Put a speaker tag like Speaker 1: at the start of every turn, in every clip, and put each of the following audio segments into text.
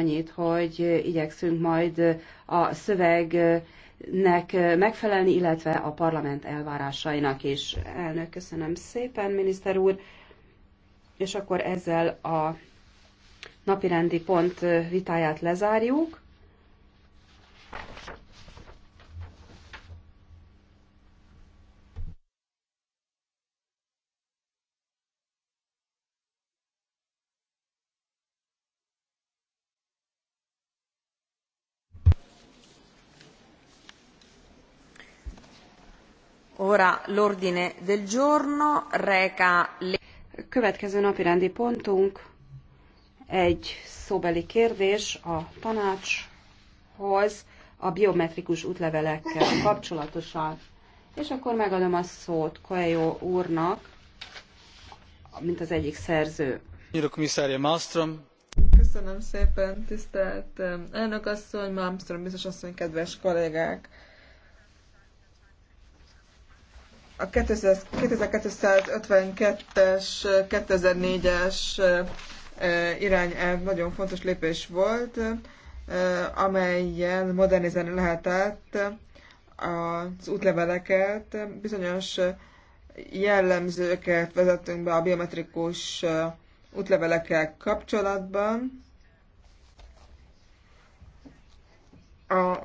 Speaker 1: annyit, hogy igyekszünk majd a szövegnek megfelelni, illetve a parlament elvárásainak is. Elnök, köszönöm szépen, miniszter úr. És akkor ezzel a napirendi pont vitáját lezárjuk. Következő napirendi pontunk egy szóbeli kérdés a tanácshoz a biometrikus útlevelekkel kapcsolatosan. És akkor megadom a szót Coelho úrnak, mint az egyik szerző.
Speaker 2: Köszönöm szépen, tisztelt eh, elnök asszony, Malmström biztos asszony, kedves kollégák! a 2252-es, 2004-es irányelv nagyon fontos lépés volt, amelyen modernizálni lehetett az útleveleket, bizonyos jellemzőket vezettünk be a biometrikus útlevelekkel kapcsolatban.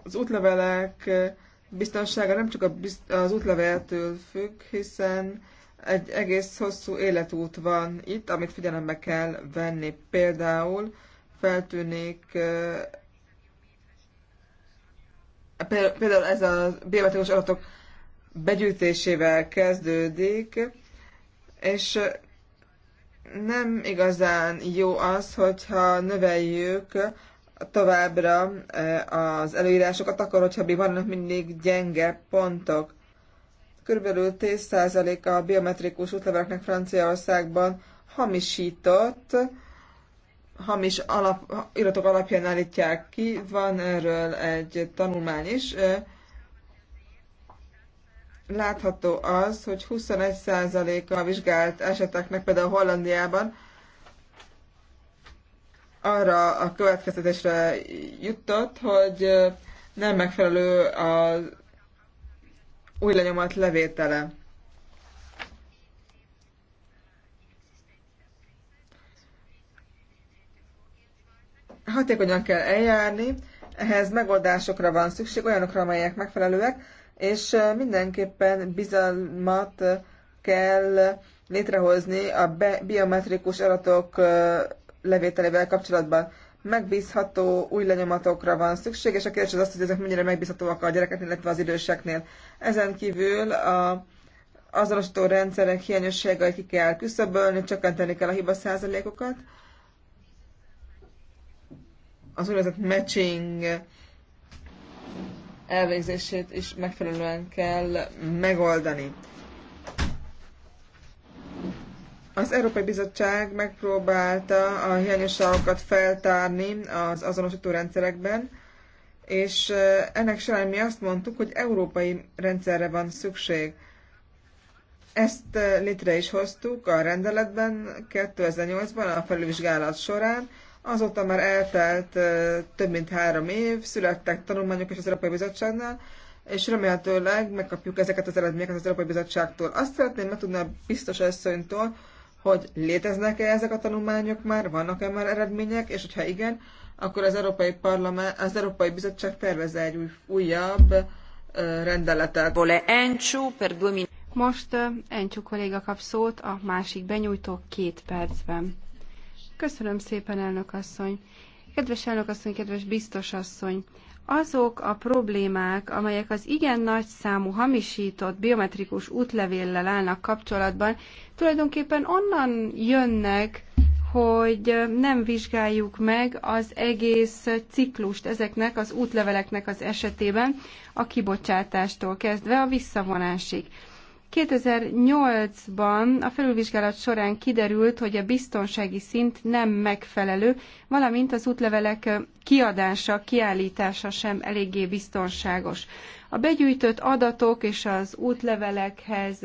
Speaker 2: Az útlevelek biztonsága nem csak az útleveltől függ, hiszen egy egész hosszú életút van itt, amit figyelembe kell venni. Például feltűnik például ez a biometrikus adatok begyűjtésével kezdődik, és nem igazán jó az, hogyha növeljük továbbra e, az előírásokat, akkor hogyha még vannak mindig gyenge pontok. Körülbelül 10% a biometrikus útleveleknek Franciaországban hamisított, hamis alap, iratok alapján állítják ki. Van erről egy tanulmány is. E, látható az, hogy 21%-a vizsgált eseteknek például Hollandiában arra a következtetésre jutott, hogy nem megfelelő az új lenyomat levétele. Hatékonyan kell eljárni, ehhez megoldásokra van szükség, olyanokra, amelyek megfelelőek, és mindenképpen bizalmat kell létrehozni a biometrikus adatok levételével kapcsolatban. Megbízható új lenyomatokra van szükség, és a kérdés az az, hogy ezek mennyire megbízhatóak a gyerekeknél, illetve az időseknél. Ezen kívül a azonosító rendszerek hiányosságai ki kell küszöbölni, csökkenteni kell a hiba százalékokat. Az úgynevezett matching elvégzését is megfelelően kell megoldani. Az Európai Bizottság megpróbálta a hiányosságokat feltárni az azonosító rendszerekben, és ennek során mi azt mondtuk, hogy európai rendszerre van szükség. Ezt létre is hoztuk a rendeletben 2008-ban a felülvizsgálat során, azóta már eltelt több mint három év, születtek tanulmányok is az Európai Bizottságnál, és remélhetőleg megkapjuk ezeket az eredményeket az Európai Bizottságtól. Azt szeretném megtudni a biztos asszonytól, hogy léteznek-e ezek a tanulmányok már, vannak-e már eredmények, és hogyha igen, akkor az Európai, Parlament, az Európai Bizottság tervez egy új, újabb rendeletet.
Speaker 3: Most Encsú kolléga kap szót, a másik benyújtó két percben. Köszönöm szépen, elnök asszony. Kedves elnök asszony, kedves biztos asszony, azok a problémák, amelyek az igen nagy számú hamisított biometrikus útlevéllel állnak kapcsolatban, tulajdonképpen onnan jönnek, hogy nem vizsgáljuk meg az egész ciklust ezeknek az útleveleknek az esetében, a kibocsátástól kezdve a visszavonásig. 2008-ban a felülvizsgálat során kiderült, hogy a biztonsági szint nem megfelelő, valamint az útlevelek kiadása, kiállítása sem eléggé biztonságos. A begyűjtött adatok és az útlevelekhez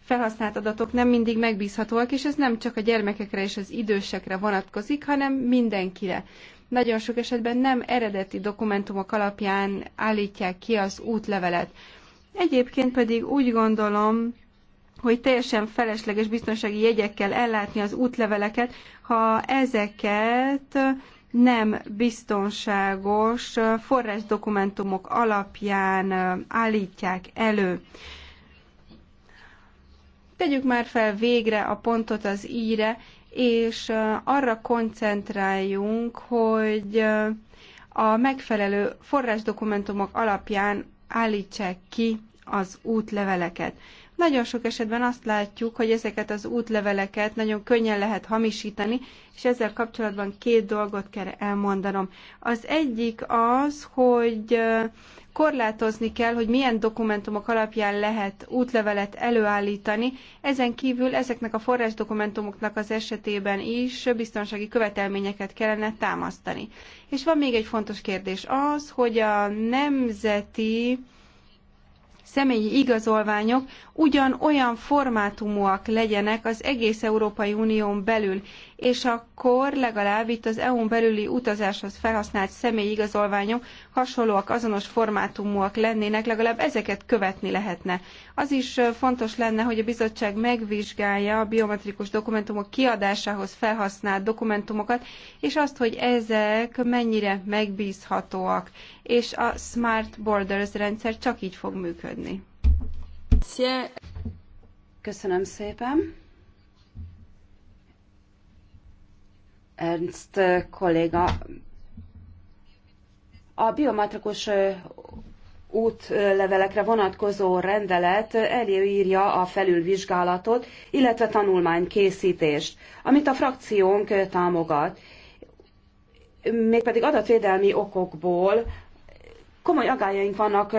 Speaker 3: felhasznált adatok nem mindig megbízhatóak, és ez nem csak a gyermekekre és az idősekre vonatkozik, hanem mindenkire. Nagyon sok esetben nem eredeti dokumentumok alapján állítják ki az útlevelet. Egyébként pedig úgy gondolom, hogy teljesen felesleges biztonsági jegyekkel ellátni az útleveleket, ha ezeket nem biztonságos forrásdokumentumok alapján állítják elő. Tegyük már fel végre a pontot az íre, és arra koncentráljunk, hogy a megfelelő forrásdokumentumok alapján állítsák ki az útleveleket. Nagyon sok esetben azt látjuk, hogy ezeket az útleveleket nagyon könnyen lehet hamisítani, és ezzel kapcsolatban két dolgot kell elmondanom. Az egyik az, hogy korlátozni kell, hogy milyen dokumentumok alapján lehet útlevelet előállítani. Ezen kívül ezeknek a forrásdokumentumoknak az esetében is biztonsági követelményeket kellene támasztani. És van még egy fontos kérdés az, hogy a nemzeti személyi igazolványok ugyanolyan formátumúak legyenek az egész Európai Unión belül, és akkor legalább itt az EU-n belüli utazáshoz felhasznált személyi igazolványok hasonlóak, azonos formátumúak lennének, legalább ezeket követni lehetne. Az is fontos lenne, hogy a bizottság megvizsgálja a biometrikus dokumentumok kiadásához felhasznált dokumentumokat, és azt, hogy ezek mennyire megbízhatóak és a Smart Borders rendszer csak így fog működni. Köszönöm szépen.
Speaker 1: Ernst kolléga, a biometrikus útlevelekre vonatkozó rendelet előírja a felülvizsgálatot, illetve tanulmánykészítést, amit a frakciónk támogat. Mégpedig adatvédelmi okokból Komoly agályaink vannak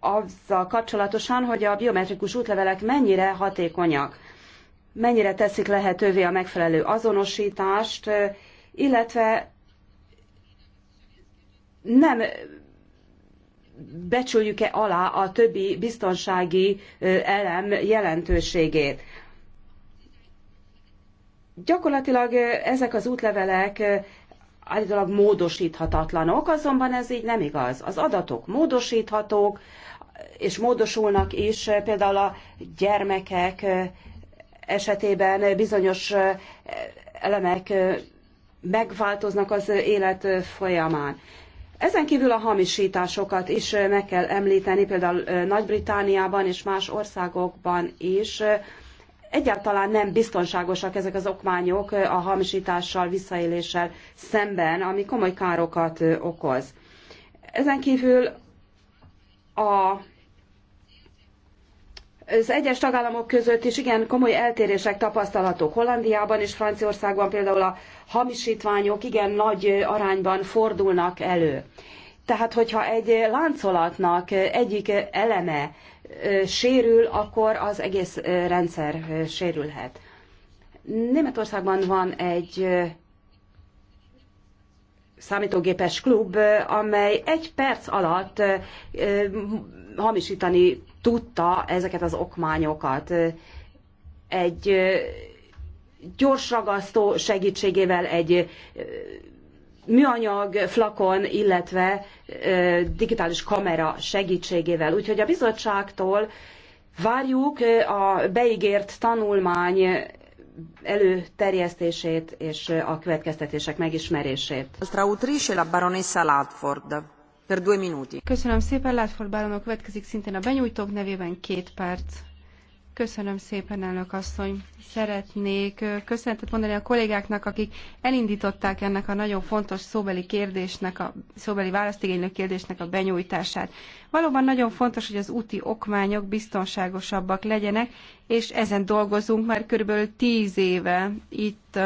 Speaker 1: azzal kapcsolatosan, hogy a biometrikus útlevelek mennyire hatékonyak, mennyire teszik lehetővé a megfelelő azonosítást, illetve nem becsüljük-e alá a többi biztonsági elem jelentőségét. Gyakorlatilag ezek az útlevelek állítólag módosíthatatlanok, azonban ez így nem igaz. Az adatok módosíthatók, és módosulnak is, például a gyermekek esetében bizonyos elemek megváltoznak az élet folyamán. Ezen kívül a hamisításokat is meg kell említeni, például Nagy-Britániában és más országokban is egyáltalán nem biztonságosak ezek az okmányok a hamisítással, visszaéléssel szemben, ami komoly károkat okoz. Ezen kívül a az egyes tagállamok között is igen komoly eltérések tapasztalatok. Hollandiában és Franciaországban például a hamisítványok igen nagy arányban fordulnak elő. Tehát, hogyha egy láncolatnak egyik eleme sérül, akkor az egész rendszer sérülhet. Németországban van egy számítógépes klub, amely egy perc alatt hamisítani tudta ezeket az okmányokat. Egy gyors ragasztó segítségével, egy műanyag flakon, illetve digitális kamera segítségével. Úgyhogy a bizottságtól várjuk a beígért tanulmány előterjesztését és a következtetések megismerését. E
Speaker 3: Köszönöm szépen, Látford Baronok következik szintén a benyújtók nevében két perc. Köszönöm szépen, elnök asszony. Szeretnék köszönetet mondani a kollégáknak, akik elindították ennek a nagyon fontos szóbeli kérdésnek, a szóbeli választigénylő kérdésnek a benyújtását. Valóban nagyon fontos, hogy az úti okmányok biztonságosabbak legyenek, és ezen dolgozunk már körülbelül tíz éve itt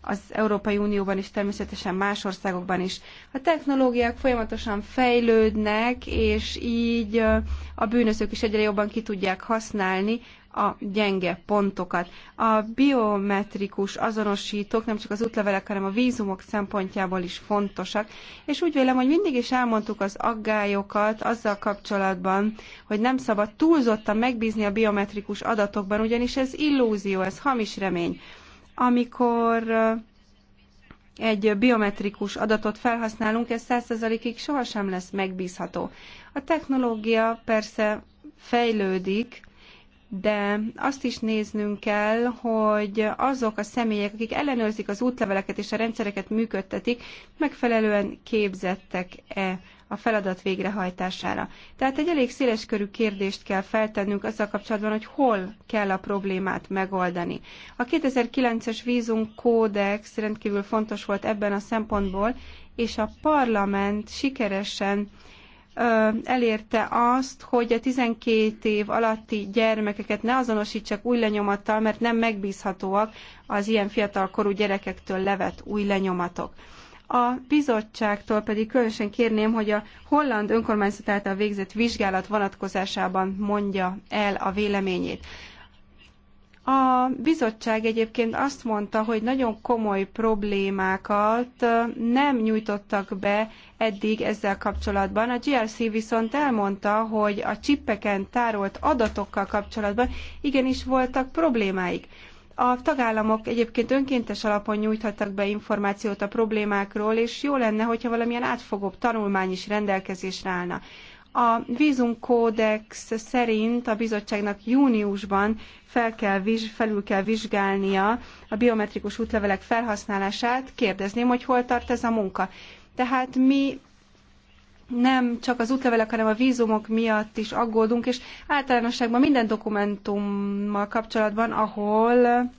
Speaker 3: az Európai Unióban is, természetesen más országokban is. A technológiák folyamatosan fejlődnek, és így a bűnözők is egyre jobban ki tudják használni a gyenge pontokat. A biometrikus azonosítók nem csak az útlevelek, hanem a vízumok szempontjából is fontosak, és úgy vélem, hogy mindig is elmondtuk az aggályokat azzal kapcsolatban, hogy nem szabad túlzottan megbízni a biometrikus adatokban, ugyanis ez illúzió, ez hamis remény. Amikor egy biometrikus adatot felhasználunk, ez 100%-ig sohasem lesz megbízható. A technológia persze fejlődik, de azt is néznünk kell, hogy azok a személyek, akik ellenőrzik az útleveleket és a rendszereket működtetik, megfelelően képzettek-e a feladat végrehajtására. Tehát egy elég körű kérdést kell feltennünk azzal kapcsolatban, hogy hol kell a problémát megoldani. A 2009-es vízum kódex rendkívül fontos volt ebben a szempontból, és a parlament sikeresen elérte azt, hogy a 12 év alatti gyermekeket ne azonosítsák új lenyomattal, mert nem megbízhatóak az ilyen fiatalkorú gyerekektől levett új lenyomatok. A bizottságtól pedig különösen kérném, hogy a holland önkormányzat által végzett vizsgálat vonatkozásában mondja el a véleményét. A bizottság egyébként azt mondta, hogy nagyon komoly problémákat nem nyújtottak be eddig ezzel kapcsolatban. A GRC viszont elmondta, hogy a csippeken tárolt adatokkal kapcsolatban igenis voltak problémáik. A tagállamok egyébként önkéntes alapon nyújthattak be információt a problémákról, és jó lenne, hogyha valamilyen átfogóbb tanulmány is rendelkezésre állna. A vízumkódex szerint a bizottságnak júniusban fel kell, felül kell vizsgálnia a biometrikus útlevelek felhasználását. Kérdezném, hogy hol tart ez a munka. Tehát mi nem csak az útlevelek, hanem a vízumok miatt is aggódunk, és általánosságban minden dokumentummal kapcsolatban, ahol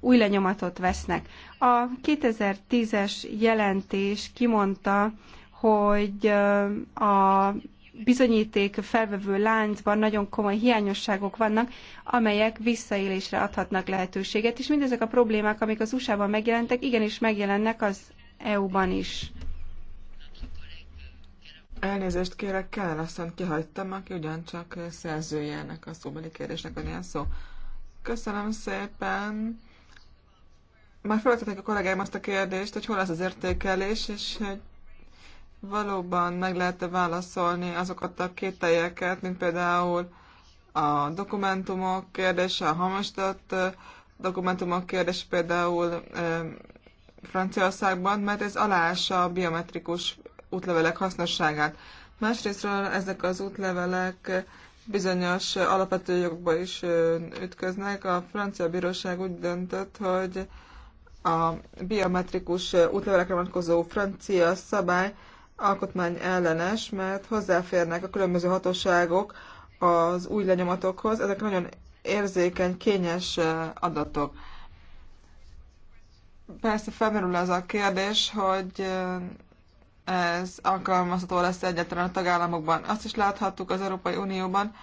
Speaker 3: új lenyomatot vesznek. A 2010-es jelentés kimondta, hogy a bizonyíték felvevő láncban nagyon komoly hiányosságok vannak, amelyek visszaélésre adhatnak lehetőséget, és mindezek a problémák, amik az USA-ban megjelentek, igenis megjelennek az EU-ban is.
Speaker 2: Elnézést kérek, kell aztán kihagytam, aki ugyancsak szerzője ennek a szóbeli kérdésnek van ilyen szó. Köszönöm szépen. Már feltették a kollégáim azt a kérdést, hogy hol az az értékelés, és hogy valóban meg lehet-e válaszolni azokat a kételjeket, mint például a dokumentumok kérdése, a hamastat dokumentumok kérdése például Franciaországban, mert ez aláássa a biometrikus útlevelek hasznosságát. Másrésztről ezek az útlevelek bizonyos alapvető jogokba is ütköznek. A francia bíróság úgy döntött, hogy a biometrikus útlevelekre vonatkozó francia szabály alkotmány ellenes, mert hozzáférnek a különböző hatóságok az új lenyomatokhoz. Ezek nagyon érzékeny, kényes adatok. Persze felmerül az a kérdés, hogy ez alkalmazható lesz egyáltalán a tagállamokban. Azt is láthattuk az Európai Unióban,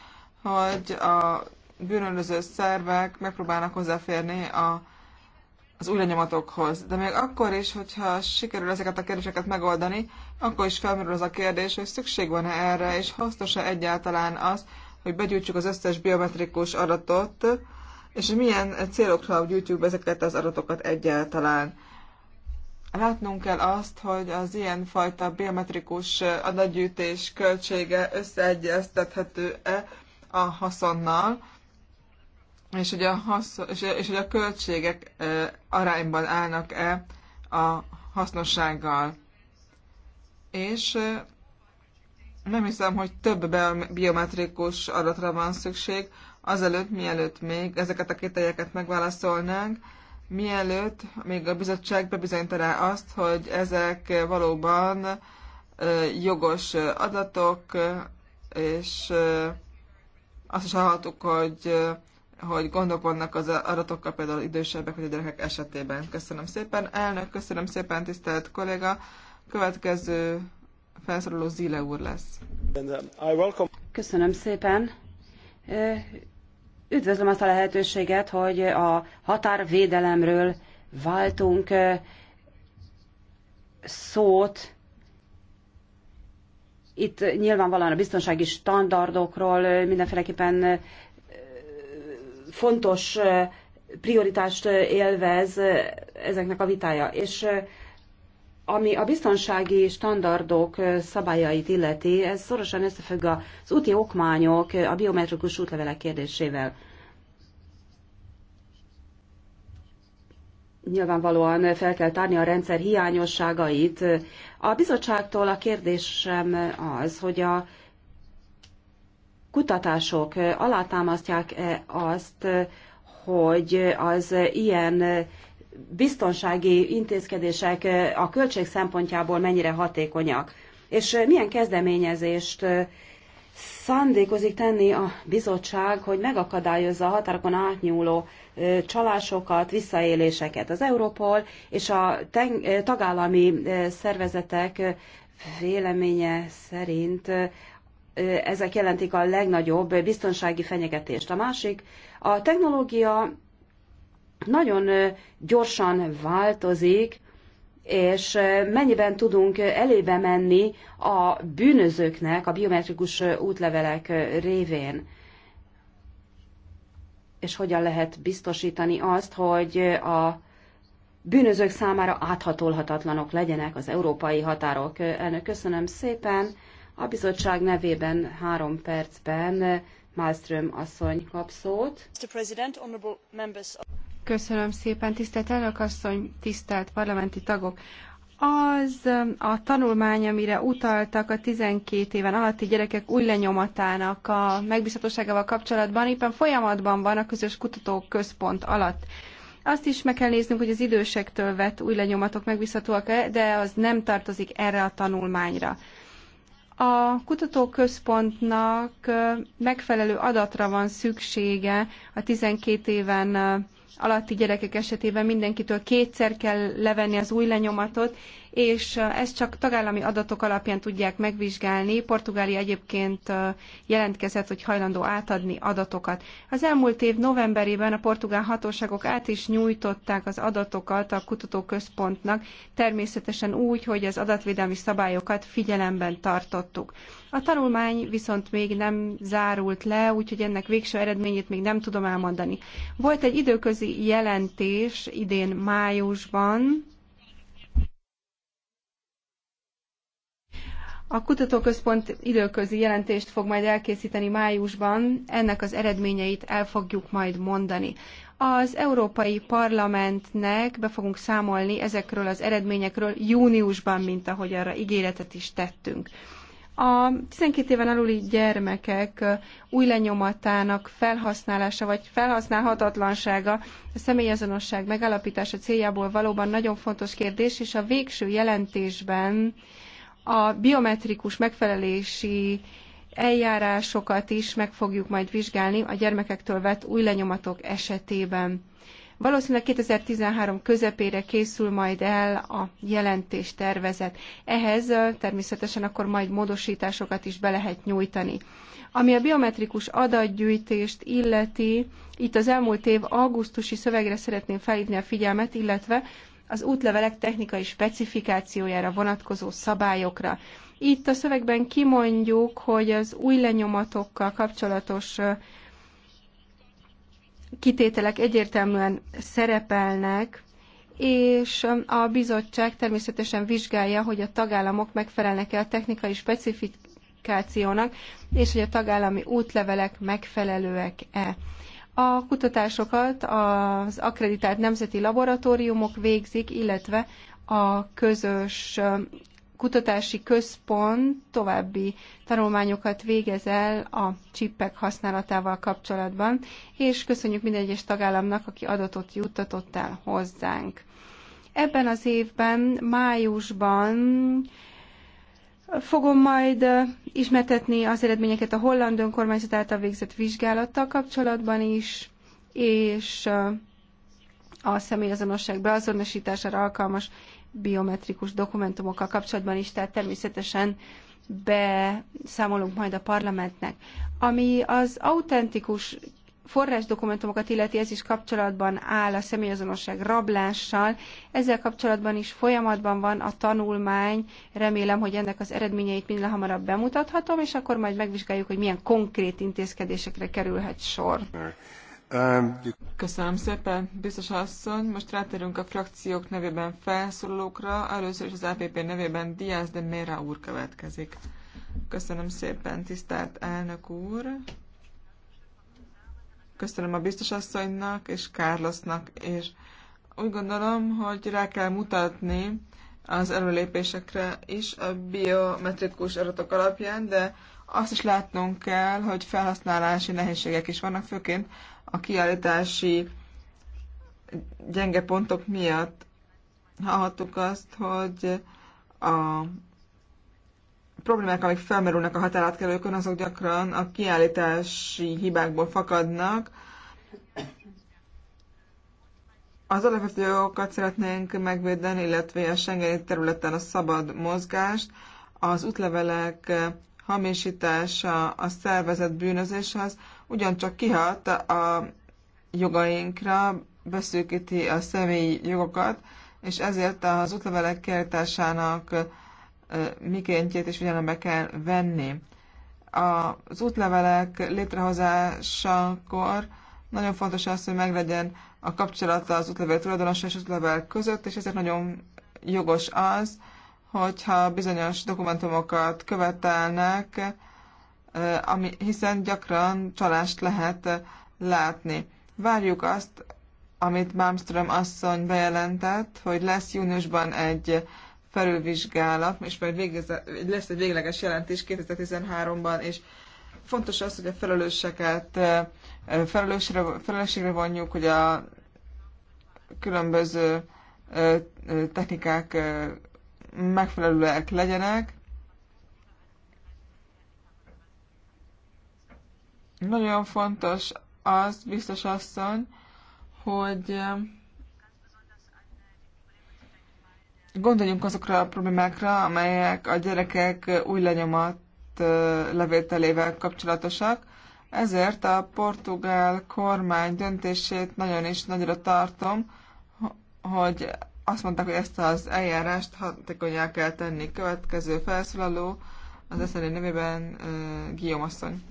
Speaker 2: hogy a bűnöző szervek megpróbálnak hozzáférni a az új lenyomatokhoz. De még akkor is, hogyha sikerül ezeket a kérdéseket megoldani, akkor is felmerül az a kérdés, hogy szükség van-e erre, és hasznos-e egyáltalán az, hogy begyűjtsük az összes biometrikus adatot, és milyen célokra gyűjtjük be ezeket az adatokat egyáltalán. Látnunk kell azt, hogy az ilyen fajta biometrikus adatgyűjtés költsége összeegyeztethető-e a haszonnal, és hogy a, haszo- és, és hogy a költségek arányban állnak-e a hasznossággal. És nem hiszem, hogy több biometrikus adatra van szükség, azelőtt, mielőtt még ezeket a kételyeket megválaszolnánk, mielőtt még a bizottság bebizonyítaná azt, hogy ezek valóban jogos adatok, és azt is hallhattuk, hogy hogy gondok vannak az adatokkal, például idősebbek vagy gyerekek esetében. Köszönöm szépen, elnök, köszönöm szépen, tisztelt kolléga. Következő felszoruló Zile úr lesz. Köszönöm szépen.
Speaker 1: Üdvözlöm azt a lehetőséget, hogy a határvédelemről váltunk szót. Itt nyilvánvalóan a biztonsági standardokról mindenféleképpen fontos prioritást élvez ezeknek a vitája. És ami a biztonsági standardok szabályait illeti, ez szorosan összefügg az úti okmányok, a biometrikus útlevelek kérdésével. Nyilvánvalóan fel kell tárni a rendszer hiányosságait. A bizottságtól a kérdésem az, hogy a kutatások alátámasztják -e azt, hogy az ilyen biztonsági intézkedések e, a költség szempontjából mennyire hatékonyak, és e, milyen kezdeményezést e, szándékozik tenni a bizottság, hogy megakadályozza a határokon átnyúló csalásokat, visszaéléseket. Az Európol, és a tagállami szervezetek véleménye szerint ezek jelentik a legnagyobb biztonsági fenyegetést. A másik, a technológia nagyon gyorsan változik, és mennyiben tudunk elébe menni a bűnözőknek a biometrikus útlevelek révén. És hogyan lehet biztosítani azt, hogy a bűnözők számára áthatolhatatlanok legyenek az európai határok. Elnök, köszönöm szépen! A bizottság nevében három percben eh,
Speaker 3: Malmström asszony kap szót. Köszönöm szépen, tisztelt elnök asszony, tisztelt parlamenti tagok! Az eh, a tanulmány, amire utaltak a 12 éven alatti gyerekek új lenyomatának a megbízhatóságával kapcsolatban, éppen folyamatban van a közös kutatóközpont alatt. Azt is meg kell néznünk, hogy az idősektől vett új lenyomatok megbízhatóak-e, de az nem tartozik erre a tanulmányra a kutatóközpontnak megfelelő adatra van szüksége a 12 éven alatti gyerekek esetében mindenkitől kétszer kell levenni az új lenyomatot, és ezt csak tagállami adatok alapján tudják megvizsgálni. Portugália egyébként jelentkezett, hogy hajlandó átadni adatokat. Az elmúlt év novemberében a portugál hatóságok át is nyújtották az adatokat a kutatóközpontnak, természetesen úgy, hogy az adatvédelmi szabályokat figyelemben tartottuk. A tanulmány viszont még nem zárult le, úgyhogy ennek végső eredményét még nem tudom elmondani. Volt egy időközi jelentés idén májusban, A kutatóközpont időközi jelentést fog majd elkészíteni májusban, ennek az eredményeit el fogjuk majd mondani. Az Európai Parlamentnek be fogunk számolni ezekről az eredményekről júniusban, mint ahogy arra ígéretet is tettünk a 12 éven aluli gyermekek új lenyomatának felhasználása vagy felhasználhatatlansága a személyazonosság megalapítása céljából valóban nagyon fontos kérdés, és a végső jelentésben a biometrikus megfelelési eljárásokat is meg fogjuk majd vizsgálni a gyermekektől vett új lenyomatok esetében. Valószínűleg 2013 közepére készül majd el a jelentés tervezet. Ehhez természetesen akkor majd módosításokat is be lehet nyújtani. Ami a biometrikus adatgyűjtést illeti, itt az elmúlt év augusztusi szövegre szeretném felhívni a figyelmet, illetve az útlevelek technikai specifikációjára vonatkozó szabályokra. Itt a szövegben kimondjuk, hogy az új lenyomatokkal kapcsolatos kitételek egyértelműen szerepelnek, és a bizottság természetesen vizsgálja, hogy a tagállamok megfelelnek-e a technikai specifikációnak, és hogy a tagállami útlevelek megfelelőek-e. A kutatásokat az akkreditált nemzeti laboratóriumok végzik, illetve a közös kutatási központ további tanulmányokat végez el a csippek használatával kapcsolatban, és köszönjük minden egyes tagállamnak, aki adatot juttatott el hozzánk. Ebben az évben, májusban Fogom majd ismertetni az eredményeket a holland önkormányzat által végzett vizsgálattal kapcsolatban is, és a személyazonosság beazonosítására alkalmas biometrikus dokumentumokkal kapcsolatban is, tehát természetesen beszámolunk majd a parlamentnek. Ami az autentikus forrásdokumentumokat illeti, ez is kapcsolatban áll a személyazonosság rablással. Ezzel kapcsolatban is folyamatban van a tanulmány. Remélem, hogy ennek az eredményeit minél hamarabb bemutathatom, és akkor majd megvizsgáljuk, hogy milyen konkrét intézkedésekre
Speaker 2: kerülhet sor. Um, Köszönöm szépen, biztos asszony. Most rátérünk a frakciók nevében felszólókra. Először is az APP nevében Diaz de Mera úr következik. Köszönöm szépen, tisztelt elnök úr. Köszönöm a biztos asszonynak és Kárlosznak, és úgy gondolom, hogy rá kell mutatni az előlépésekre is a biometrikus adatok alapján, de azt is látnunk kell, hogy felhasználási nehézségek is vannak, főként a kiállítási gyenge pontok miatt hallhattuk azt, hogy a problémák, amik felmerülnek a határátkelőkön, azok gyakran a kiállítási hibákból fakadnak. Az alapvető jogokat szeretnénk megvédeni, illetve a Schengeni területen a szabad mozgást, az útlevelek hamisítása, a szervezet bűnözéshez, ugyancsak kihat a jogainkra, beszűkíti a személyi jogokat, és ezért az útlevelek kiállításának mikéntjét is figyelembe kell venni. Az útlevelek létrehozásakor nagyon fontos az, hogy meglegyen a kapcsolata az útlevél tulajdonosa és útlevel között, és ezért nagyon jogos az, hogyha bizonyos dokumentumokat követelnek, ami, hiszen gyakran csalást lehet látni. Várjuk azt, amit Malmström asszony bejelentett, hogy lesz júniusban egy felülvizsgálat, és majd végez, lesz egy végleges jelentés 2013-ban, és fontos az, hogy a felelőseket felelősségre, felelősségre vonjuk, hogy a különböző technikák megfelelőek legyenek, Nagyon fontos az, biztos asszony, hogy eh, gondoljunk azokra a problémákra, amelyek a gyerekek új lenyomat eh, levételével kapcsolatosak. Ezért a portugál kormány döntését nagyon is nagyra tartom, hogy azt mondták, hogy ezt az eljárást hatékonyá kell tenni. Következő felszólaló az SZNI nevében uh, Guillaume asszony.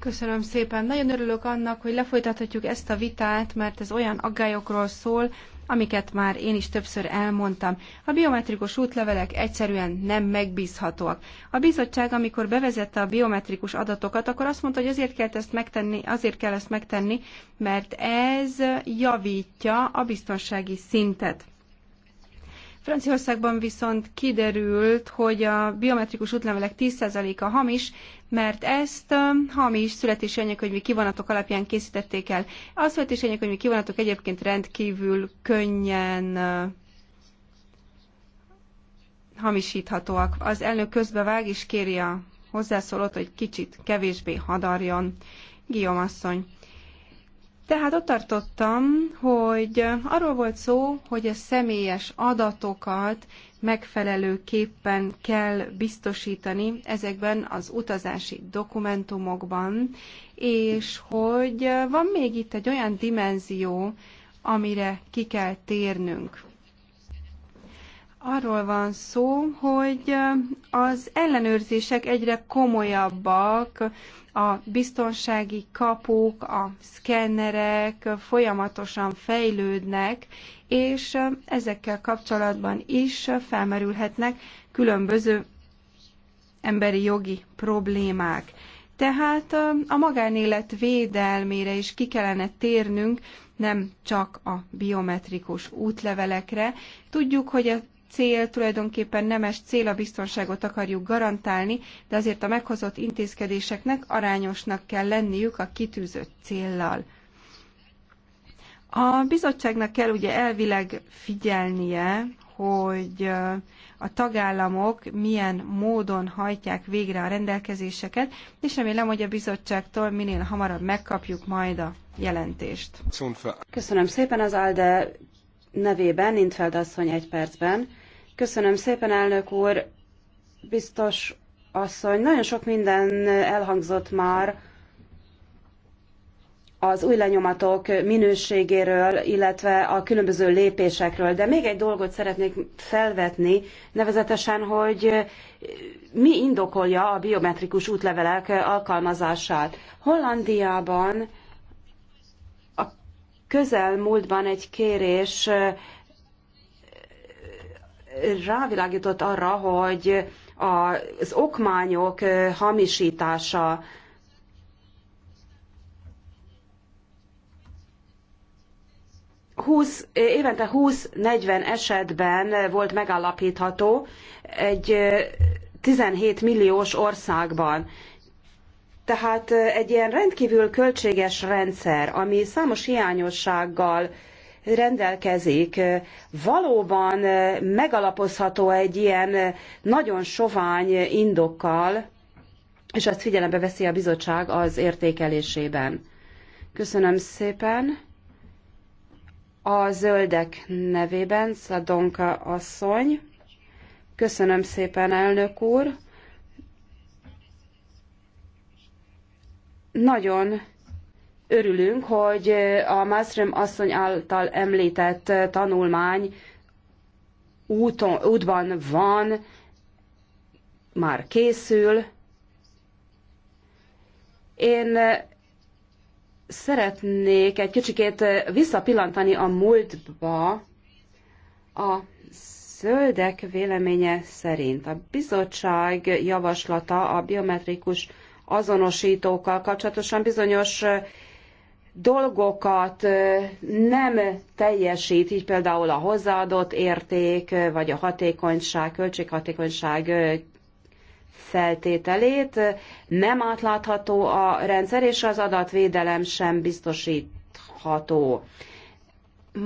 Speaker 3: Köszönöm szépen. Nagyon örülök annak, hogy lefolytathatjuk ezt a vitát, mert ez olyan aggályokról szól, amiket már én is többször elmondtam. A biometrikus útlevelek egyszerűen nem megbízhatóak. A bizottság, amikor bevezette a biometrikus adatokat, akkor azt mondta, hogy azért kell ezt megtenni, azért kell ezt megtenni, mert ez javítja a biztonsági szintet. Franciaországban viszont kiderült, hogy a biometrikus útlevelek 10%-a hamis, mert ezt hamis születési anyakönyvi kivonatok alapján készítették el. A születési anyakönyvi kivonatok egyébként rendkívül könnyen hamisíthatóak. Az elnök közbevág és kéri a hozzászólót, hogy kicsit kevésbé hadarjon. Guillaume asszony. Tehát ott tartottam, hogy arról volt szó, hogy a személyes adatokat megfelelőképpen kell biztosítani ezekben az utazási dokumentumokban, és hogy van még itt egy olyan dimenzió, amire ki kell térnünk. Arról van szó, hogy az ellenőrzések egyre komolyabbak, a biztonsági kapuk, a szkennerek folyamatosan fejlődnek, és ezekkel kapcsolatban is felmerülhetnek különböző emberi jogi problémák. Tehát a magánélet védelmére is ki kellene térnünk, nem csak a biometrikus útlevelekre. Tudjuk, hogy a cél tulajdonképpen nemes cél, a biztonságot akarjuk garantálni, de azért a meghozott intézkedéseknek arányosnak kell lenniük a kitűzött céllal. A bizottságnak kell ugye elvileg figyelnie, hogy a tagállamok milyen módon hajtják végre a rendelkezéseket, és remélem, hogy a bizottságtól minél hamarabb megkapjuk majd a jelentést. Köszönöm szépen az ALDE
Speaker 1: nevében, Intfeld asszony egy percben. Köszönöm szépen, elnök úr. Biztos asszony, nagyon sok minden elhangzott már az új lenyomatok minőségéről, illetve a különböző lépésekről. De még egy dolgot szeretnék felvetni, nevezetesen, hogy mi indokolja a biometrikus útlevelek alkalmazását. Hollandiában a közelmúltban egy kérés rávilágított arra, hogy az okmányok hamisítása Húsz, évente 20-40 esetben volt megállapítható egy 17 milliós országban. Tehát egy ilyen rendkívül költséges rendszer, ami számos hiányossággal rendelkezik, valóban megalapozható egy ilyen nagyon sovány indokkal, és ezt figyelembe veszi a bizottság az értékelésében. Köszönöm szépen. A zöldek nevében Szadonka asszony. Köszönöm szépen, elnök úr. Nagyon örülünk, hogy a Mászröm asszony által említett tanulmány úton, útban van, már készül. Én szeretnék egy kicsikét visszapillantani a múltba a zöldek véleménye szerint. A bizottság javaslata a biometrikus azonosítókkal kapcsolatosan bizonyos dolgokat nem teljesít, így például a hozzáadott érték, vagy a hatékonyság, költséghatékonyság feltételét, nem átlátható a rendszer, és az adatvédelem sem biztosítható.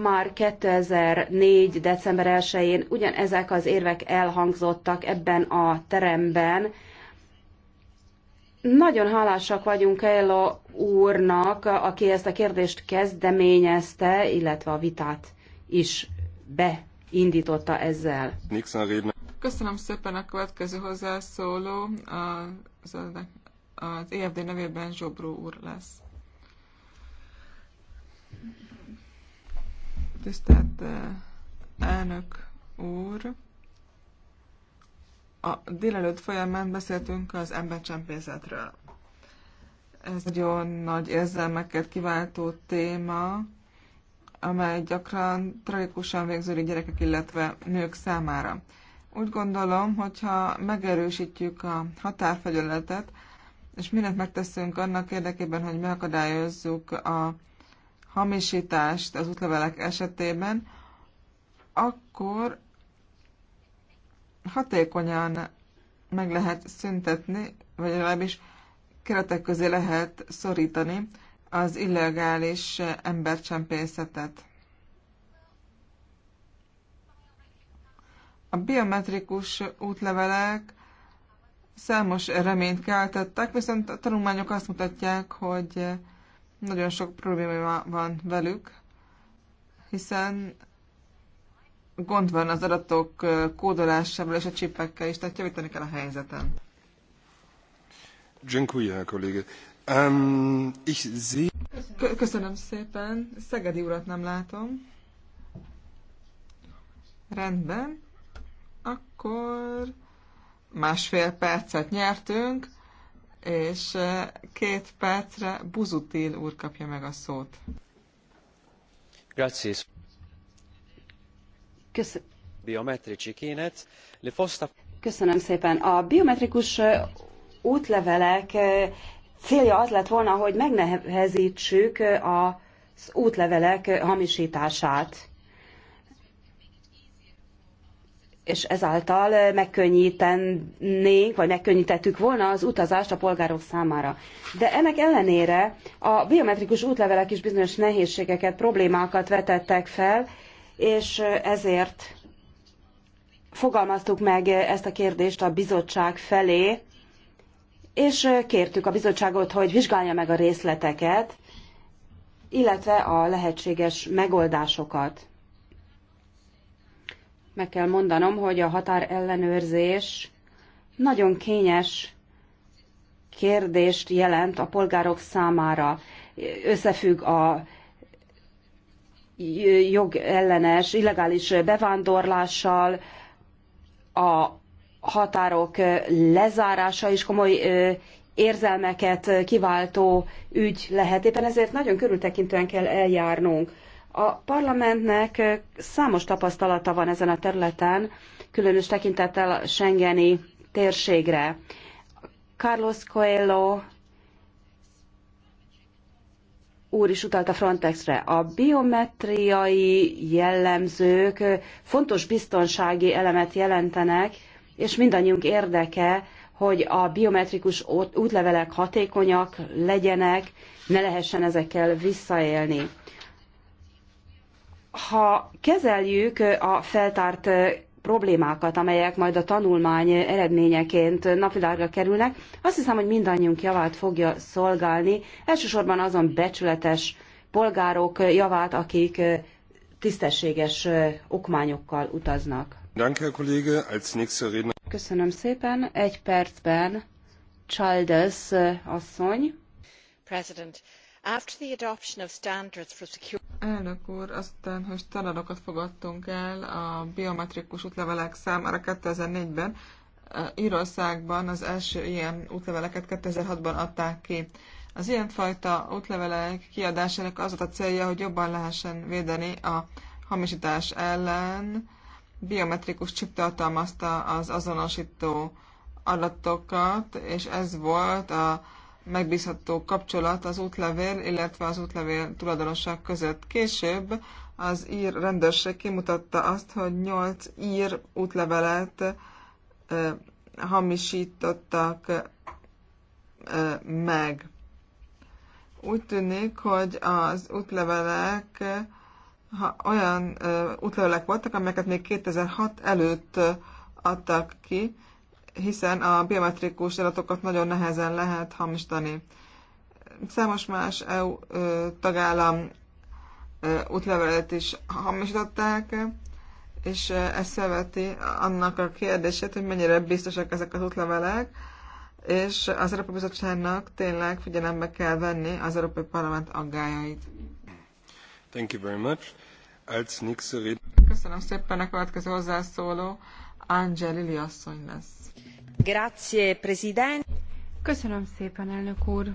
Speaker 1: Már 2004. december 1-én ugyanezek az érvek elhangzottak ebben a teremben, nagyon hálásak vagyunk Ella úrnak, aki ezt a kérdést kezdeményezte, illetve a vitát
Speaker 2: is beindította ezzel. Köszönöm szépen a következő hozzászóló. Az, az EFD nevében Zsobró úr lesz. Tisztelt eh, elnök úr! a délelőtt folyamán beszéltünk az embercsempészetről. Ez nagyon nagy érzelmeket kiváltó téma, amely gyakran tragikusan végződik gyerekek, illetve nők számára. Úgy gondolom, hogyha megerősítjük a határfegyeletet, és mindent megteszünk annak érdekében, hogy megakadályozzuk a hamisítást az útlevelek esetében, akkor hatékonyan meg lehet szüntetni, vagy legalábbis keretek közé lehet szorítani az illegális embercsempészetet. A biometrikus útlevelek számos reményt keltettek, viszont a tanulmányok azt mutatják, hogy nagyon sok probléma van velük, hiszen gond van az adatok kódolásával és a csipekkel is, tehát javítani kell a helyzeten. Köszönöm szépen. Szegedi urat nem látom. Rendben. Akkor másfél percet nyertünk, és két percre Buzutil úr kapja meg a szót. Grazie. Köszönöm
Speaker 1: szépen. A biometrikus útlevelek célja az lett volna, hogy megnehezítsük az útlevelek hamisítását. és ezáltal megkönnyítenénk, vagy megkönnyítettük volna az utazást a polgárok számára. De ennek ellenére a biometrikus útlevelek is bizonyos nehézségeket, problémákat vetettek fel, és ezért fogalmaztuk meg ezt a kérdést a bizottság felé, és kértük a bizottságot, hogy vizsgálja meg a részleteket, illetve a lehetséges megoldásokat. Meg kell mondanom, hogy a határellenőrzés nagyon kényes kérdést jelent a polgárok számára. Összefügg a jogellenes, illegális bevándorlással, a határok lezárása is komoly érzelmeket kiváltó ügy lehet. Éppen ezért nagyon körültekintően kell eljárnunk. A parlamentnek számos tapasztalata van ezen a területen, különös tekintettel a Schengeni térségre. Carlos Coelho úr is utalt a Frontexre. A biometriai jellemzők fontos biztonsági elemet jelentenek, és mindannyiunk érdeke, hogy a biometrikus útlevelek hatékonyak legyenek, ne lehessen ezekkel visszaélni. Ha kezeljük a feltárt problémákat, amelyek majd a tanulmány eredményeként napvilágra kerülnek, azt hiszem, hogy mindannyiunk javát fogja szolgálni, elsősorban azon becsületes polgárok javát, akik tisztességes okmányokkal utaznak. Köszönöm szépen. Egy percben Childers asszony.
Speaker 3: President.
Speaker 2: Elnök úr, aztán, hogy standardokat fogadtunk el a biometrikus útlevelek számára 2004-ben, Írországban az első ilyen útleveleket 2006-ban adták ki. Az ilyenfajta útlevelek kiadásának az volt a célja, hogy jobban lehessen védeni a hamisítás ellen. Biometrikus csip tartalmazta az azonosító adatokat, és ez volt a megbízható kapcsolat az útlevél, illetve az útlevél tulajdonosság között. Később az ír rendőrség kimutatta azt, hogy 8 ír útlevelet ö, hamisítottak ö, meg. Úgy tűnik, hogy az útlevelek ha olyan ö, útlevelek voltak, amelyeket még 2006 előtt adtak ki, hiszen a biometrikus adatokat nagyon nehezen lehet hamisítani. Számos más EU tagállam útlevelet is hamisították, és ez szeveti annak a kérdését, hogy mennyire biztosak ezek az útlevelek, és az Európai Bizottságnak tényleg figyelembe kell venni az Európai Parlament aggájait. Thank you very much. Als nächste Köszönöm szépen a következő hozzászóló. Angelili asszony lesz. Grazie, President. Köszönöm szépen, elnök úr.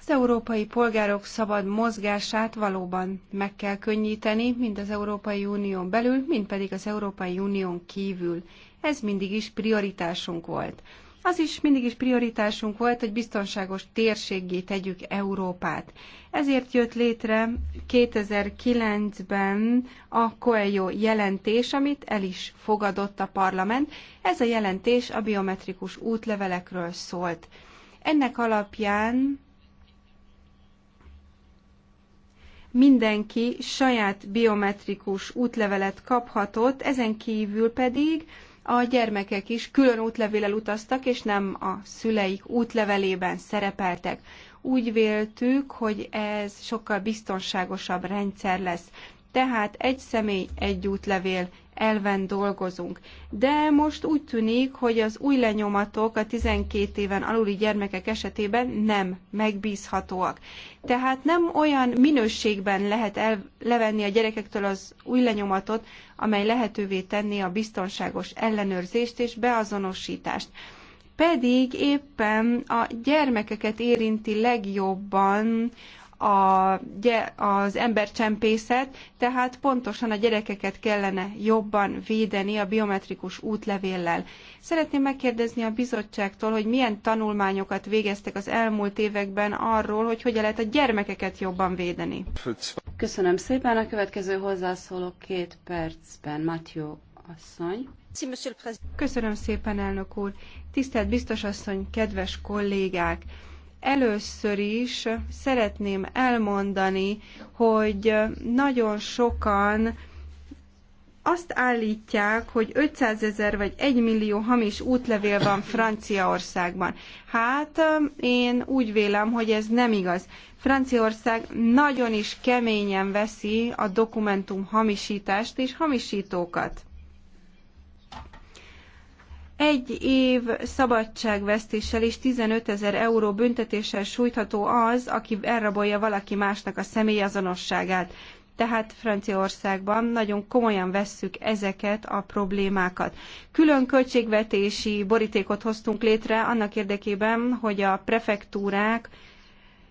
Speaker 3: Az európai polgárok szabad mozgását valóban meg kell könnyíteni, mind az Európai Unión belül, mind pedig az Európai Unión kívül. Ez mindig is prioritásunk volt. Az is mindig is prioritásunk volt, hogy biztonságos térségé tegyük Európát. Ezért jött létre 2009-ben a Coelho jelentés, amit el is fogadott a parlament. Ez a jelentés a biometrikus útlevelekről szólt. Ennek alapján mindenki saját biometrikus útlevelet kaphatott, ezen kívül pedig a gyermekek is külön útlevéllel utaztak, és nem a szüleik útlevelében szerepeltek. Úgy véltük, hogy ez sokkal biztonságosabb rendszer lesz. Tehát egy személy, egy útlevél elven dolgozunk. De most úgy tűnik, hogy az új lenyomatok a 12 éven aluli gyermekek esetében nem megbízhatóak. Tehát nem olyan minőségben lehet el, levenni a gyerekektől az új lenyomatot, amely lehetővé tenni a biztonságos ellenőrzést és beazonosítást. Pedig éppen a gyermekeket érinti legjobban a, az embercsempészet, tehát pontosan a gyerekeket kellene jobban védeni a biometrikus útlevéllel. Szeretném megkérdezni a bizottságtól, hogy milyen tanulmányokat végeztek az elmúlt években arról, hogy hogyan lehet a gyermekeket jobban védeni. Köszönöm szépen. A következő hozzászóló két percben, Matyó asszony. Köszönöm szépen, elnök úr. Tisztelt biztos asszony, kedves kollégák! Először is szeretném elmondani, hogy nagyon sokan azt állítják, hogy 500 ezer vagy 1 millió hamis útlevél van Franciaországban. Hát én úgy vélem, hogy ez nem igaz. Franciaország nagyon is keményen veszi a dokumentum hamisítást és hamisítókat. Egy év szabadságvesztéssel és 15 ezer euró büntetéssel sújtható az, aki elrabolja valaki másnak a azonosságát. Tehát Franciaországban nagyon komolyan vesszük ezeket a problémákat. Külön költségvetési borítékot hoztunk létre annak érdekében, hogy a prefektúrák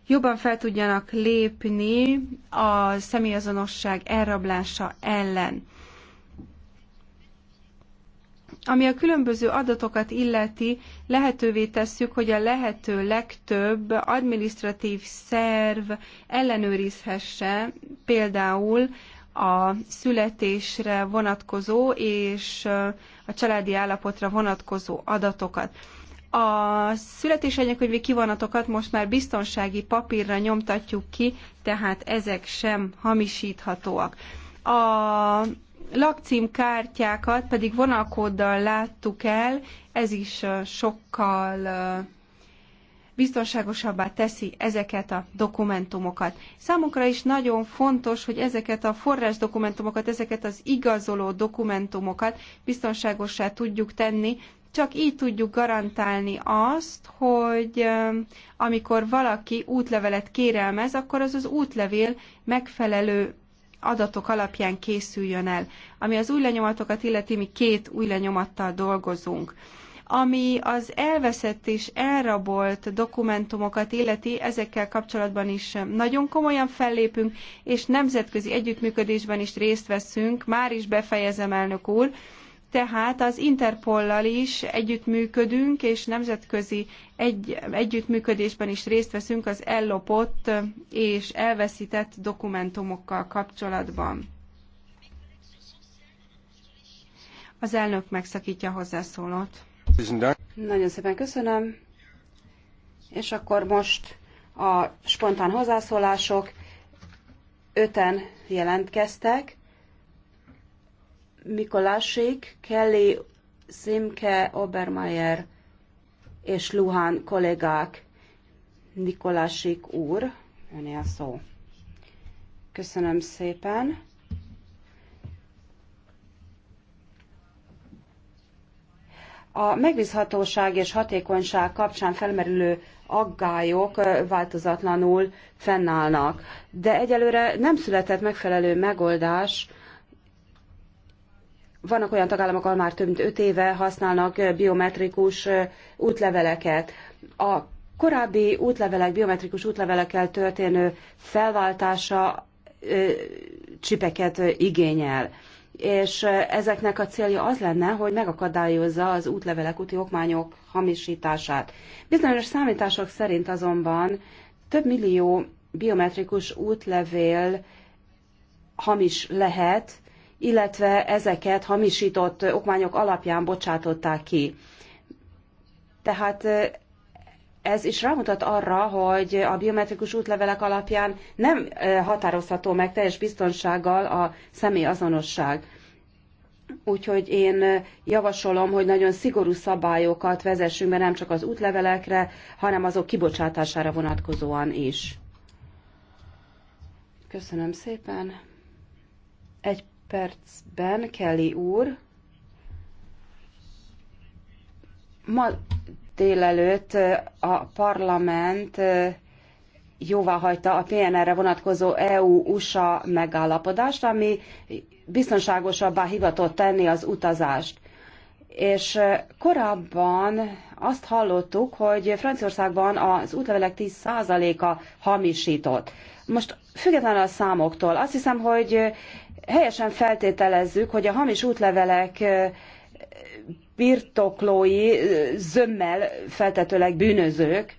Speaker 3: jobban fel tudjanak lépni a személyazonosság elrablása ellen. Ami a különböző adatokat illeti, lehetővé tesszük, hogy a lehető legtöbb administratív szerv ellenőrizhesse például a születésre vonatkozó és a családi állapotra vonatkozó adatokat. A születésanyagkönyvi kivonatokat most már biztonsági papírra nyomtatjuk ki, tehát ezek sem hamisíthatóak. A lakcímkártyákat pedig vonalkóddal láttuk el, ez is sokkal biztonságosabbá teszi ezeket a dokumentumokat. Számunkra is nagyon fontos, hogy ezeket a forrás dokumentumokat, ezeket az igazoló dokumentumokat biztonságosá tudjuk tenni, csak így tudjuk garantálni azt, hogy amikor valaki útlevelet kérelmez, akkor az az útlevél megfelelő adatok alapján készüljön el. Ami az új lenyomatokat illeti, mi két új lenyomattal dolgozunk. Ami az elveszett és elrabolt dokumentumokat illeti, ezekkel kapcsolatban is nagyon komolyan fellépünk, és nemzetközi együttműködésben is részt veszünk. Már is befejezem, elnök úr tehát az Interpollal is együttműködünk, és nemzetközi egy, együttműködésben is részt veszünk az ellopott és elveszített dokumentumokkal kapcsolatban. Az elnök megszakítja a hozzászólót. Nagyon szépen köszönöm. És akkor most a
Speaker 1: spontán hozzászólások. Öten jelentkeztek. Mikolásik, Kelly, Simke, Obermeier és Luhán kollégák. Mikolásik úr, öné a szó. Köszönöm szépen. A megbízhatóság és hatékonyság kapcsán felmerülő aggályok változatlanul fennállnak, de egyelőre nem született megfelelő megoldás vannak olyan tagállamok, ahol már több mint öt éve használnak eh, biometrikus eh, útleveleket. A korábbi útlevelek, biometrikus útlevelekkel történő felváltása eh, csipeket igényel. És ezeknek a célja az lenne, hogy megakadályozza az útlevelek, úti okmányok hamisítását. Bizonyos számítások szerint azonban több millió biometrikus útlevél hamis lehet, illetve ezeket hamisított okmányok alapján bocsátották ki. Tehát ez is rámutat arra, hogy a biometrikus útlevelek alapján nem határozható meg teljes biztonsággal a személyazonosság. Úgyhogy én javasolom, hogy nagyon szigorú szabályokat vezessünk be nem csak az útlevelekre, hanem azok kibocsátására vonatkozóan is. Köszönöm szépen. Egy percben Kelly úr. Ma délelőtt eh, a parlament eh, jóváhagyta a PNR-re vonatkozó EU-USA megállapodást, ami biztonságosabbá hivatott tenni az utazást. És eh, korábban azt hallottuk, hogy Franciaországban az útlevelek 10%-a hamisított. Most függetlenül a számoktól, azt hiszem, hogy Helyesen feltételezzük, hogy a hamis útlevelek birtoklói zömmel feltetőleg bűnözők,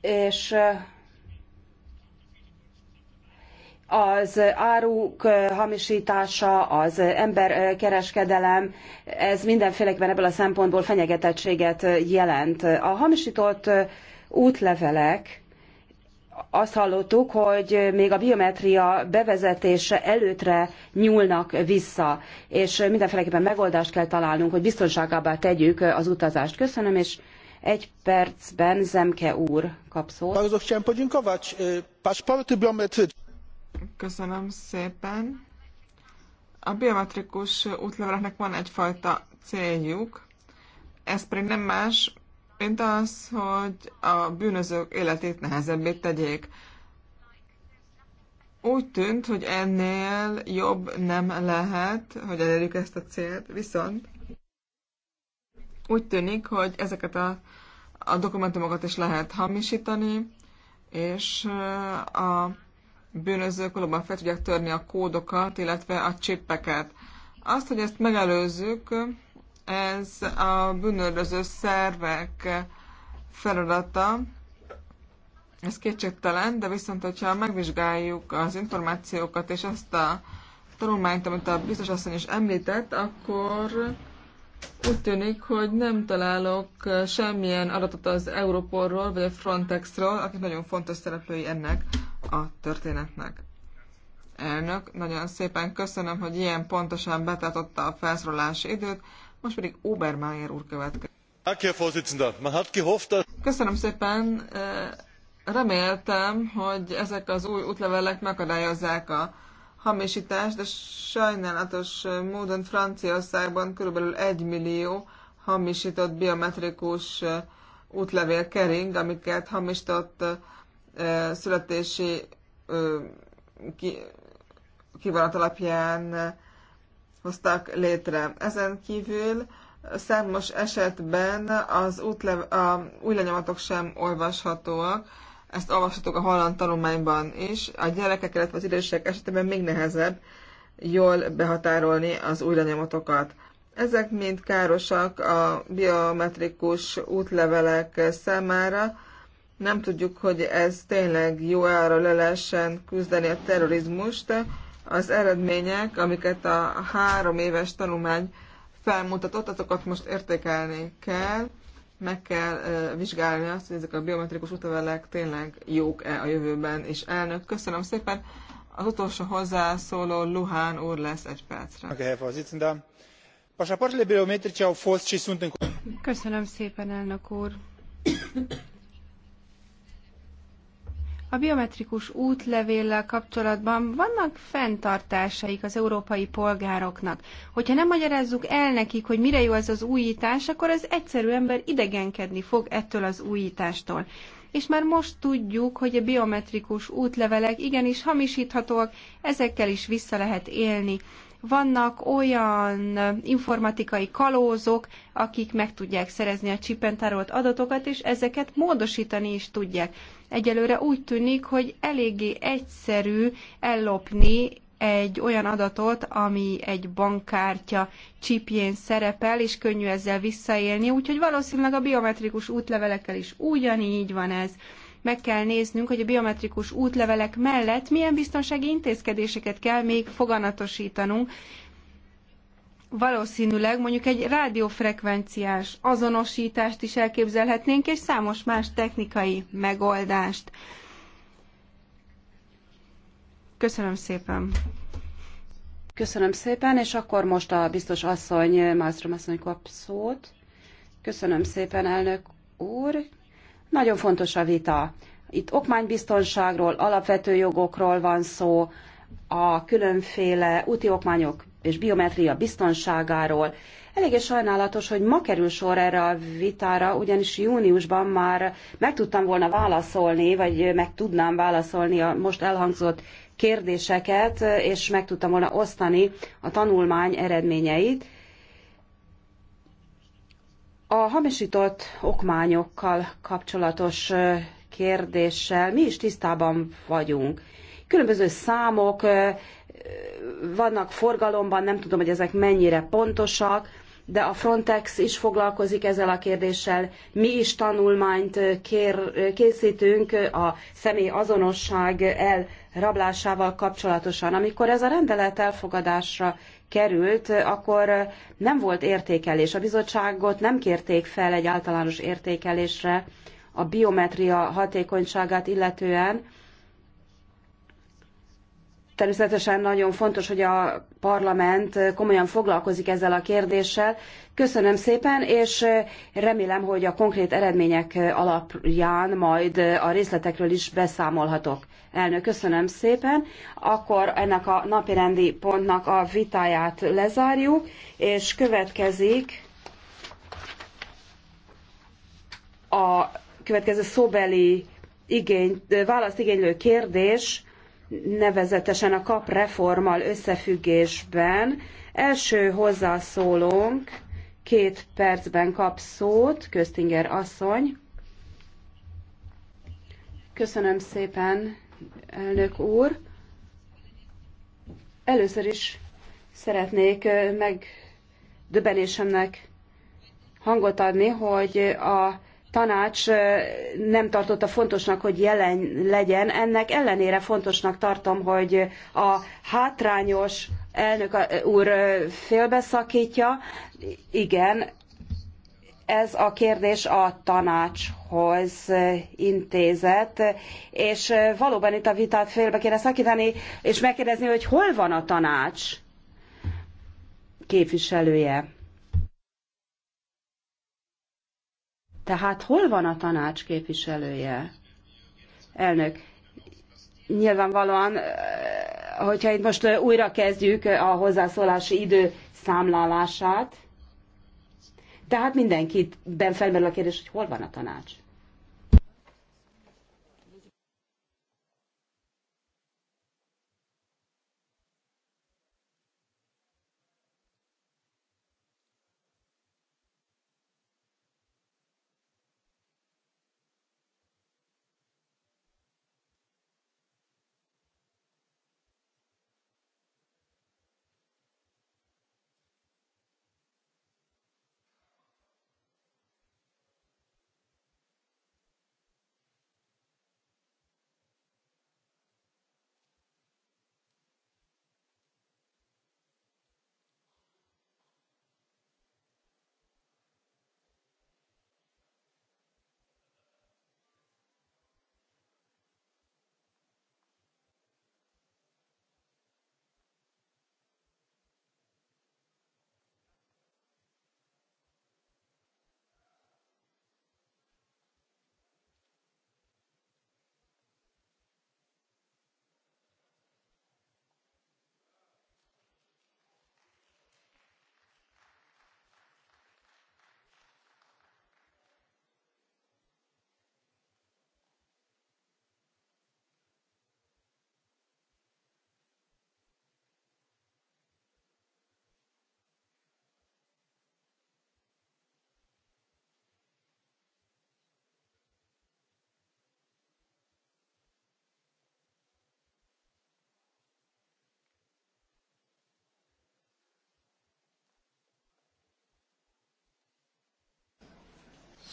Speaker 1: és az áruk hamisítása, az emberkereskedelem, ez mindenféleképpen ebből a szempontból fenyegetettséget jelent. A hamisított útlevelek azt hallottuk, hogy még a biometria bevezetése előttre nyúlnak vissza, és mindenféleképpen megoldást kell találnunk, hogy biztonságábbá tegyük az utazást. Köszönöm, és egy percben Zemke úr kap szót.
Speaker 2: Köszönöm szépen. A biometrikus útleveleknek van egyfajta céljuk, ez pedig nem más, mint az, hogy a bűnözők életét nehezebbé tegyék. Úgy tűnt, hogy ennél jobb nem lehet, hogy elérjük ezt a célt, viszont úgy tűnik, hogy ezeket a, a dokumentumokat is lehet hamisítani, és a bűnözők valóban fel tudják törni a kódokat, illetve a csippeket. Azt, hogy ezt megelőzzük, ez a bűnöldöző szervek feladata, ez kétségtelen, de viszont, hogyha megvizsgáljuk az információkat és azt a tanulmányt, amit a biztos asszony is említett, akkor úgy tűnik, hogy nem találok semmilyen adatot az Europolról vagy a Frontexről, akik nagyon fontos szereplői ennek a történetnek. Elnök, nagyon szépen köszönöm, hogy ilyen pontosan betartotta a felszólalási időt. Most pedig Obermeier úr következik. Köszönöm szépen. Reméltem, hogy ezek az új útlevelek megakadályozzák a hamisítást, de sajnálatos módon Franciaországban körülbelül 1 millió hamisított biometrikus útlevél kering, amiket hamisított születési kivonat alapján hoztak létre. Ezen kívül számos esetben az útle, a, új lenyomatok sem olvashatóak, ezt olvashatók a holland tanulmányban is. A gyerekek, illetve az idősek esetében még nehezebb jól behatárolni az új lenyomatokat. Ezek mind károsak a biometrikus útlevelek számára. Nem tudjuk, hogy ez tényleg jó arra le lehessen küzdeni a terrorizmust, az eredmények, amiket a három éves tanulmány felmutatott, azokat most értékelni kell, meg kell vizsgálni azt, hogy ezek a biometrikus útlevelek tényleg jók-e a jövőben. És elnök, köszönöm szépen! Az utolsó hozzászóló Luhán úr lesz egy percre.
Speaker 3: Köszönöm szépen, elnök úr! A biometrikus útlevéllel kapcsolatban vannak fenntartásaik az európai polgároknak. Hogyha nem magyarázzuk el nekik, hogy mire jó ez az újítás, akkor az egyszerű ember idegenkedni fog ettől az újítástól és már most tudjuk, hogy a biometrikus útlevelek igenis hamisíthatóak, ezekkel is vissza lehet élni. Vannak olyan informatikai kalózok, akik meg tudják szerezni a csipen tárolt adatokat, és ezeket módosítani is tudják. Egyelőre úgy tűnik, hogy eléggé egyszerű ellopni egy olyan adatot, ami egy bankkártya csipjén szerepel, és könnyű ezzel visszaélni, úgyhogy valószínűleg a biometrikus útlevelekkel is ugyanígy van ez. Meg kell néznünk, hogy a biometrikus útlevelek mellett milyen biztonsági intézkedéseket kell még foganatosítanunk, valószínűleg mondjuk egy rádiófrekvenciás azonosítást is elképzelhetnénk, és számos más technikai megoldást. Köszönöm szépen. Köszönöm szépen, és akkor
Speaker 1: most a biztos asszony, Malmström asszony kap szót. Köszönöm szépen, elnök úr. Nagyon fontos a vita. Itt okmánybiztonságról, alapvető jogokról van szó, a különféle úti okmányok és biometria biztonságáról, Eléggé sajnálatos, hogy ma kerül sor erre a vitára, ugyanis júniusban már meg tudtam volna válaszolni, vagy meg tudnám válaszolni a most elhangzott kérdéseket, és meg tudtam volna osztani a tanulmány eredményeit. A hamisított okmányokkal kapcsolatos kérdéssel mi is tisztában vagyunk. Különböző számok vannak forgalomban, nem tudom, hogy ezek mennyire pontosak, de a Frontex is foglalkozik ezzel a kérdéssel. Mi is tanulmányt kér, készítünk a személy azonosság elrablásával kapcsolatosan. Amikor ez a rendelet elfogadásra került, akkor nem volt értékelés. A bizottságot nem kérték fel egy általános értékelésre a biometria hatékonyságát illetően, Természetesen nagyon fontos, hogy a parlament komolyan foglalkozik ezzel a kérdéssel. Köszönöm szépen, és remélem, hogy a konkrét eredmények alapján majd a részletekről is beszámolhatok. Elnök, köszönöm szépen. Akkor ennek a napirendi pontnak a vitáját lezárjuk, és következik a következő szóbeli igény, igénylő kérdés, nevezetesen a kap reformmal összefüggésben. Első hozzászólónk két percben kap szót, Köztinger asszony. Köszönöm szépen, elnök úr. Először is szeretnék megdöbbenésemnek hangot adni, hogy a tanács nem tartotta fontosnak, hogy jelen legyen. Ennek ellenére fontosnak tartom, hogy a hátrányos elnök úr félbeszakítja. Igen, ez a kérdés a tanácshoz intézett, és valóban itt a vitát félbe kéne szakítani, és megkérdezni, hogy hol van a tanács képviselője. Tehát hol van a tanács képviselője? Elnök, nyilvánvalóan, eh, hogyha itt most eh, újra kezdjük eh, a hozzászólási idő számlálását, tehát mindenkiben felmerül a kérdés, hogy hol van a tanács.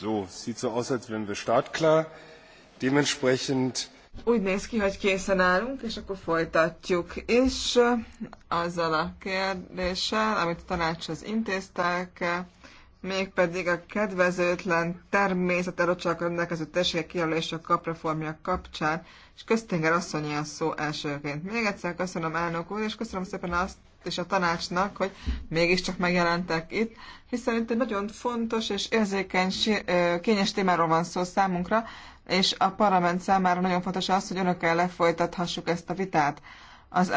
Speaker 2: So, sieht so aus, als wären wir startklar. Dementsprechend úgy néz ki, hogy készen állunk, és akkor folytatjuk is uh, azzal a kérdéssel, amit a tanácshoz intéztek, uh, mégpedig a kedvezőtlen természet erocsak rendelkező térségek kijelölése kapreformja kapcsán, és közténger asszonyi a szó elsőként. Még egyszer köszönöm elnök úr, és köszönöm szépen azt és a tanácsnak, hogy mégiscsak megjelentek itt, hiszen itt egy nagyon fontos és érzékeny, kényes témáról van szó számunkra, és a parlament számára nagyon fontos az, hogy önökkel lefolytathassuk ezt a vitát. Az